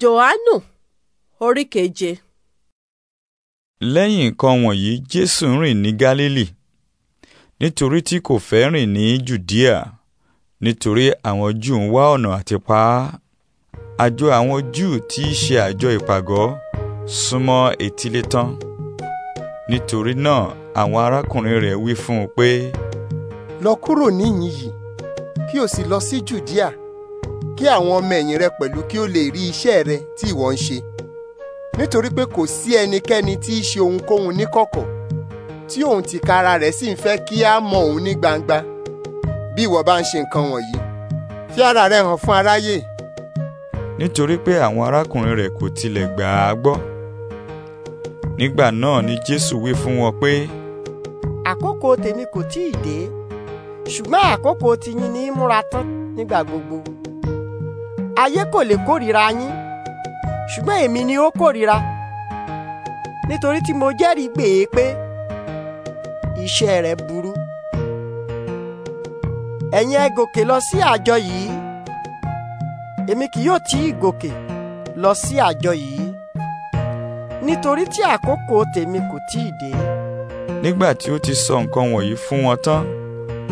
Jòhánù orí keje. Lẹ́yìn nǹkan wọ̀nyí Jésù rìn ní Gálílì nítorí tí kò fẹ́ rìn ní Jùdíà nítorí àwọn Júù ń wá ọ̀nà àti pa á. Àjọ àwọn Júù tí í ṣe àjọ ìpàgọ́ súnmọ́ etílétán nítorí náà àwọn arákùnrin rẹ̀ wí fún un pé. Lọ kúrò níyìn yìí kí o sì lọ sí Jùdíà kí àwọn ọmọ ẹ̀yìn rẹ pẹ̀lú kí ó lè rí iṣẹ́ rẹ tí ìwọ ń ṣe nítorí pé kò sí ẹnikẹ́ni tí í ṣe ohunkóhun níkọ̀kọ̀ tí òun tìkára rẹ̀ sì ń fẹ́ kí á mọ òun ní gbangba bí ìwọ bá ń ṣe nǹkan wọ̀nyí fi ara rẹ hàn fún aráyé. nítorí pé àwọn arákùnrin rẹ̀ kò tilẹ̀ gbà á gbọ́ nígbà náà ni jésù wí fún wọn pé. àkókò tèmi kò tíì dé ṣùgbọ́n àkókò tiyín ní í múra tán nígbà gbogbo ayé kò lè kórìíra yín ṣùgbọ́n èmi ni ó kórìíra nítorí tí mo jẹ́rìí pé é e pé iṣẹ́ rẹ̀ burú ẹ̀yin ẹ gòkè lọ sí àjọ yìí èmi kì yóò tí ì gòkè lọ sí àjọ yìí nítorí tí àkókò tèmi kò tí ì dé. nígbà tí ó ti sọ nǹkan wọ̀nyí fún wọn tán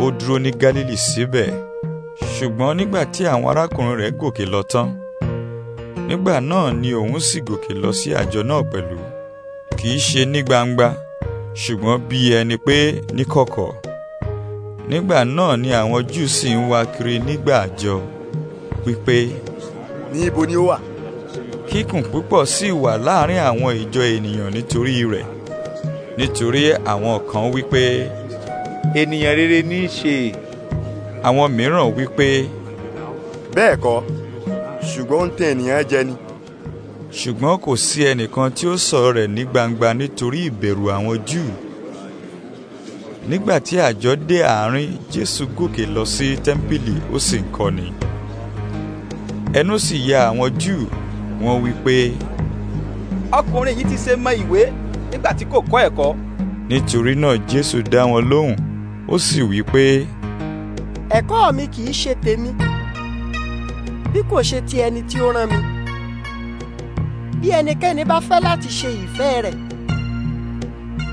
ó dúró ní Gálílì síbẹ̀. Si ṣùgbọ́n nígbà tí àwọn arákùnrin rẹ̀ gòkè lọ tán nígbà náà ni òun sì gòkè lọ sí àjọ náà pẹ̀lú kì í ṣe ní gbangba ṣùgbọ́n bí ẹni pé níkọ̀kọ̀ nígbà náà ni àwọn júù sì ń wá kiri nígbà àjọ wípé. ní ibo ni ó wà. kíkùn púpọ̀ sì wà láàrin àwọn ìjọ ènìyàn nítorí rẹ̀ nítorí àwọn kan wípé. ènìyàn rere ní í ṣe àwọn mìíràn wí pé. bẹ́ẹ̀ kọ́ ṣùgbọ́n ó ń tàn ènìyàn jẹ ni. ṣùgbọ́n kò sí ẹnìkan tí ó sọ̀rọ̀ rẹ̀ ní gbangba nítorí ìbẹ̀rù àwọn júù. nígbà tí àjọ dé àárín jésù gòkè lọ sí tẹ́ḿpìlì ó sì ń kọ́ni. ẹnu sì ya àwọn júù wọ́n wí pé. ọkùnrin yìí ti ṣe mọ ìwé nígbà tí kò kọ́ ẹ̀kọ́. nítorí náà jésù dá wọn lóhùn ó sì wí pé ẹ̀kọ́ mi kì í ṣe tèmi bí kò ṣe ti ẹni tí ó rán mi bí ẹnikẹ́ni bá fẹ́ láti ṣe ìfẹ́ rẹ̀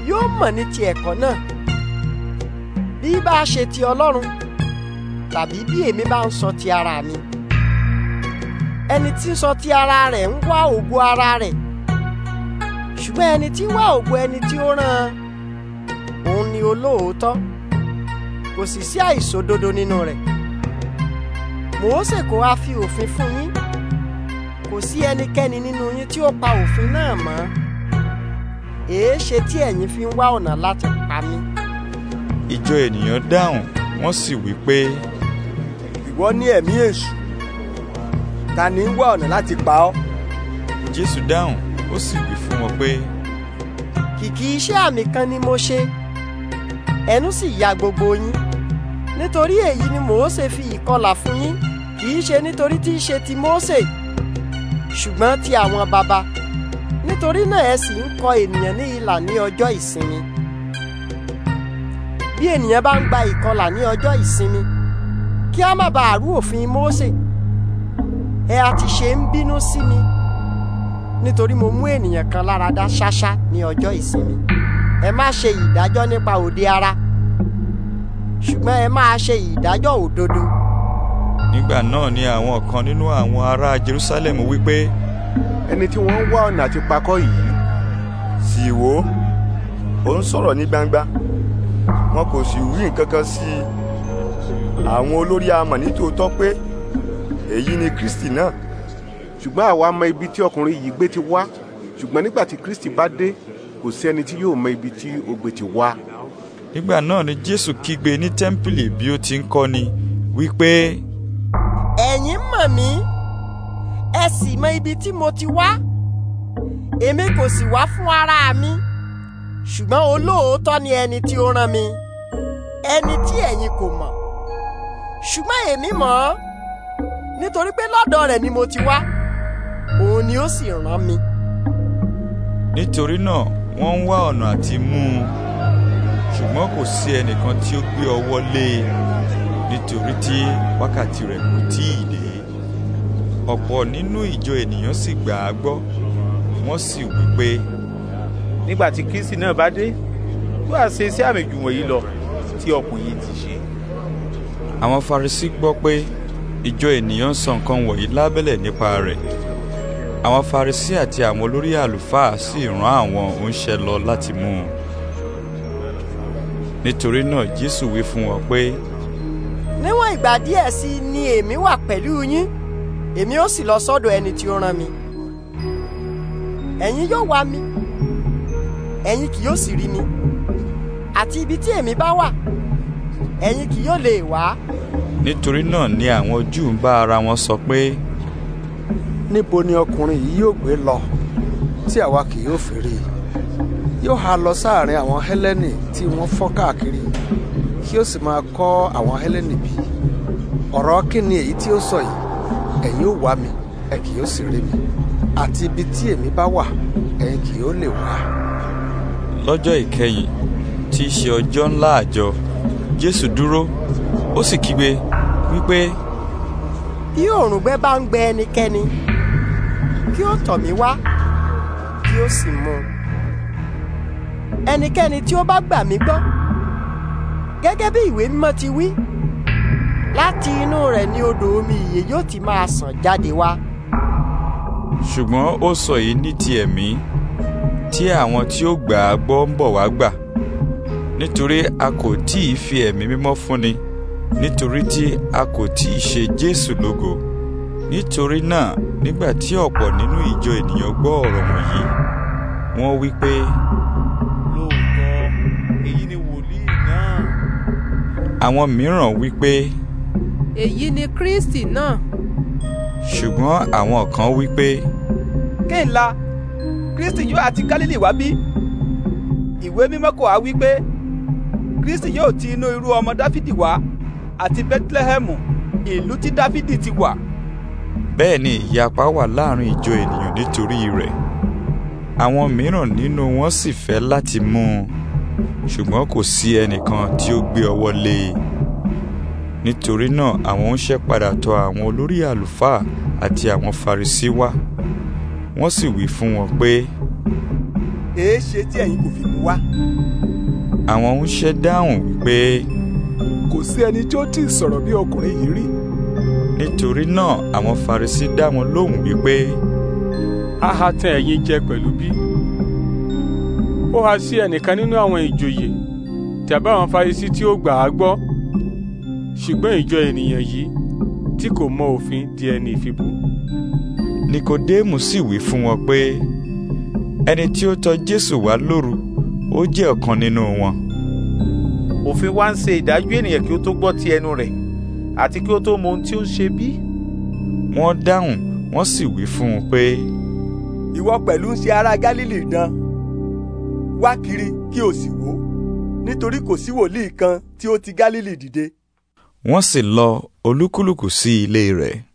yóò mọ̀ ní ti ẹ̀kọ́ náà bí bá ṣe ti Ọlọ́run tàbí bí èmi bá ń sọ ti ara mi ẹni tí ń sọ ti ara rẹ̀ ń wá ògo ara rẹ̀ ṣùgbọ́n ẹni tí ń wá ògo ẹni tí ó rán òun ni olóòótọ́ kò sì sí àìṣòdodo nínú rẹ̀ Mósè kò ha fi òfin fún yín kò sí ẹnikẹ́ni nínú yín tí ó pa òfin náà mọ́ èé ṣe tí ẹ̀yin fi ń wá ọ̀nà láti pa mí. ìjọ ènìyàn dáhùn wọ́n sì wí pé. ìwọ ní ẹ̀mí èṣù ta ni ń wá ọ̀nà láti pa ọ́. jésù dáhùn ó sì wí fún wọn pé. kìkì iṣẹ́ àmì kan ni mo ṣe ẹnu sì ya gbogbo yín nítorí èyí ni Mósè fi ìkọlà fún yín kì í ṣe nítorí tí í ṣe ti Mósè ṣùgbọ́n ti àwọn baba nítorí náà ẹ sì ń kọ ènìyàn ní ìlà ní ọjọ́ ìsinmi bí ènìyàn bá ń gba ìkọlà ní ọjọ́ ìsinmi kí a má bàa rú òfin Mósè ẹ a ti ṣe ń bínú sí mi nítorí mo mú ènìyàn kan láradá ṣáṣá ní ọjọ́ ìsinmi ẹ má ṣe ìdájọ́ nípa òde ara ṣùgbọ́n ẹ máa ṣe ìdájọ́ òdodo. nígbà náà ni àwọn kan nínú àwọn ará Jerusalem wípé. ẹni tí wọ́n ń wá ọ̀nà àti pakọ́ yìí. sì wò ó ń sọ̀rọ̀ ní gbangba wọn kò sì wí nǹkan kan sí i àwọn olórí a nítòótọ́ pé èyí ni Kristi náà ṣùgbọ́n àwa mọ ibi tí ọkùnrin yìí gbé ti wá ṣùgbọ́n nígbà tí Kristi bá dé kò sí ẹni tí yóò mọ ibi tí ó ti wá nígbà náà ni jésù kígbe ní tẹ́ḿpìlì bí ó ti ń kọ́ni wípé. ẹ̀yin mọ̀ mí ẹ sì mọ ibi tí mo ti wá èmi kò sì wá fún ara mi ṣùgbọ́n olóòótọ́ ni ẹni tí ó rán mi ẹni tí ẹ̀yin kò mọ̀ ṣùgbọ́n èmi mọ̀ ọ́ nítorí pé lọ́dọ̀ rẹ̀ ni mo ti wá òun ni ó sì rán mi. nítorí náà wọ́n ń wá ọ̀nà àti mú un ṣùgbọ́n kò sí ẹnìkan tí ó gbé ọwọ́ lé e nítorí tí wákàtí rẹ̀ kò tí ì dé ọ̀pọ̀ nínú ìjọ ènìyàn sì gbà á gbọ́ wọ́n sì wí pé. nígbà tí kristi náà bá dé tó a ṣe iṣẹ́ àmì jù wọ̀nyí lọ tí ọkùnrin yìí ti ṣe. àwọn Farisí gbọ́ pé ìjọ ènìyàn sọ nǹkan wọ̀nyí lábẹ́lẹ̀ nípa rẹ̀ àwọn Farisí àti àwọn olórí àlùfáà sì rán àwọn oníṣẹ́ lọ láti mú un nítorí náà jésù wí fún wọn pé. níwọ̀n ìgbà díẹ̀ sí ni èmi wà pẹ̀lú yín èmi ó sì lọ sọ́dọ̀ ẹni tí ó rán mi ẹ̀yin yóò wá mi ẹ̀yin kì yóò sì rí mi àti ibi tí èmi bá wà ẹ̀yin kì yóò lè wá. nítorí náà ni àwọn júù ń bá ara wọn sọ pé. níbo ni ọkùnrin yìí yóò gbé lọ tí àwa kì yóò fi rí i yóò há lọ sáàrin àwọn hélẹ́nì tí wọ́n fọ́n káàkiri kí ó sì máa kọ́ àwọn hélẹ́nì bí ọ̀rọ̀ kí ni èyí tí ó sọ yìí ẹ̀yin ò wá mi ẹ yóò sì rí mi àti ibi tí èmi bá wà ẹ̀yin kì yóò lè wá. lọ́jọ́ ìkẹyìn tí í ṣe ọjọ́ ńlá àjọ jésù dúró ó sì kígbe wípé. bí òòrùngbẹ bá ń gbẹ ẹnikẹ́ni kí ó tọ̀ mí wá kí ó sì mú un ẹnikẹ́ni tí ó bá gbà mí gbọ́ gẹ́gẹ́ bí ìwé mímọ́ ti wí láti inú rẹ̀ ni odò omi ìyè yóò ti máa sàn jáde wá. ṣùgbọ́n ó sọ èyí ní ti ẹ̀mí tí àwọn tí ó gbà á gbọ́ ń bọ̀ wá gbà nítorí a kò tí ì fi ẹ̀mí mímọ́ fúnni nítorí tí a kò tí ì ṣe Jésù lógo nítorí náà nígbà tí ọ̀pọ̀ nínú ìjọ ènìyàn gbọ́ ọ̀rọ̀ wọ̀nyí wọ́n wí pé. àwọn mìíràn wí pé. èyí ni Kristi náà. ṣùgbọ́n àwọn kan wí pé. kéńlá Kristi yóò àti Gálílì wá bí ìwé mímọ́ kò wá wí pé Kristi yóò ti inú irú ọmọ Dáfídì wá àti Bẹ́tílẹ́hẹ́mù ìlú tí Dáfídì ti wà. bẹ́ẹ̀ ni ìyapa wà láàrin ìjọ ènìyàn nítorí rẹ̀ àwọn mìíràn nínú wọn sì fẹ́ láti mú un ṣùgbọ́n kò sí ẹnìkan tí ó gbé ọwọ́ lé e nítorí náà àwọn oníṣẹ́ padà tọ àwọn olórí àlùfáà àti àwọn Farisí wá wọ́n sì wí fún wọn pé. èéṣe tí ẹ̀yin kò fi mú wá. àwọn oníṣẹ́ dáhùn wípé. kò sí ẹni tí ó tí sọ̀rọ̀ bí ọkùnrin yìí rí. nítorí náà àwọn Farisí dá wọn lóhùn wípé. a ha tẹ ẹ̀yin jẹ pẹ̀lú bí ó ha sí ẹnìkan nínú àwọn ìjòyè tàbí àwọn Farisí tí ó gbà á gbọ́ ṣùgbọ́n ìjọ ènìyàn yìí tí kò mọ òfin di ẹni ìfibú. Nikodéèmù sì wí fún wọn pé ẹni tí ó tọ̀ Jésù wá lóru ó jẹ́ ọ̀kan nínú wọn. òfin wa ń ṣe ìdájọ́ ènìyàn kí ó tó gbọ́ ti ẹnu rẹ̀ àti kí ó tó mọ ohun tí ó ń ṣe bí. wọ́n dáhùn wọ́n sì wí fún un pé. ìwọ pẹ̀lú ń ṣe ará Gálílì dán wá kiri kí o sì wò nítorí kò sí wòlíì kan tí ó ti Gálílì dìde. wọ́n sì lọ olúkúlùkù sí ilé rẹ̀.